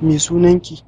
Me sunan ki?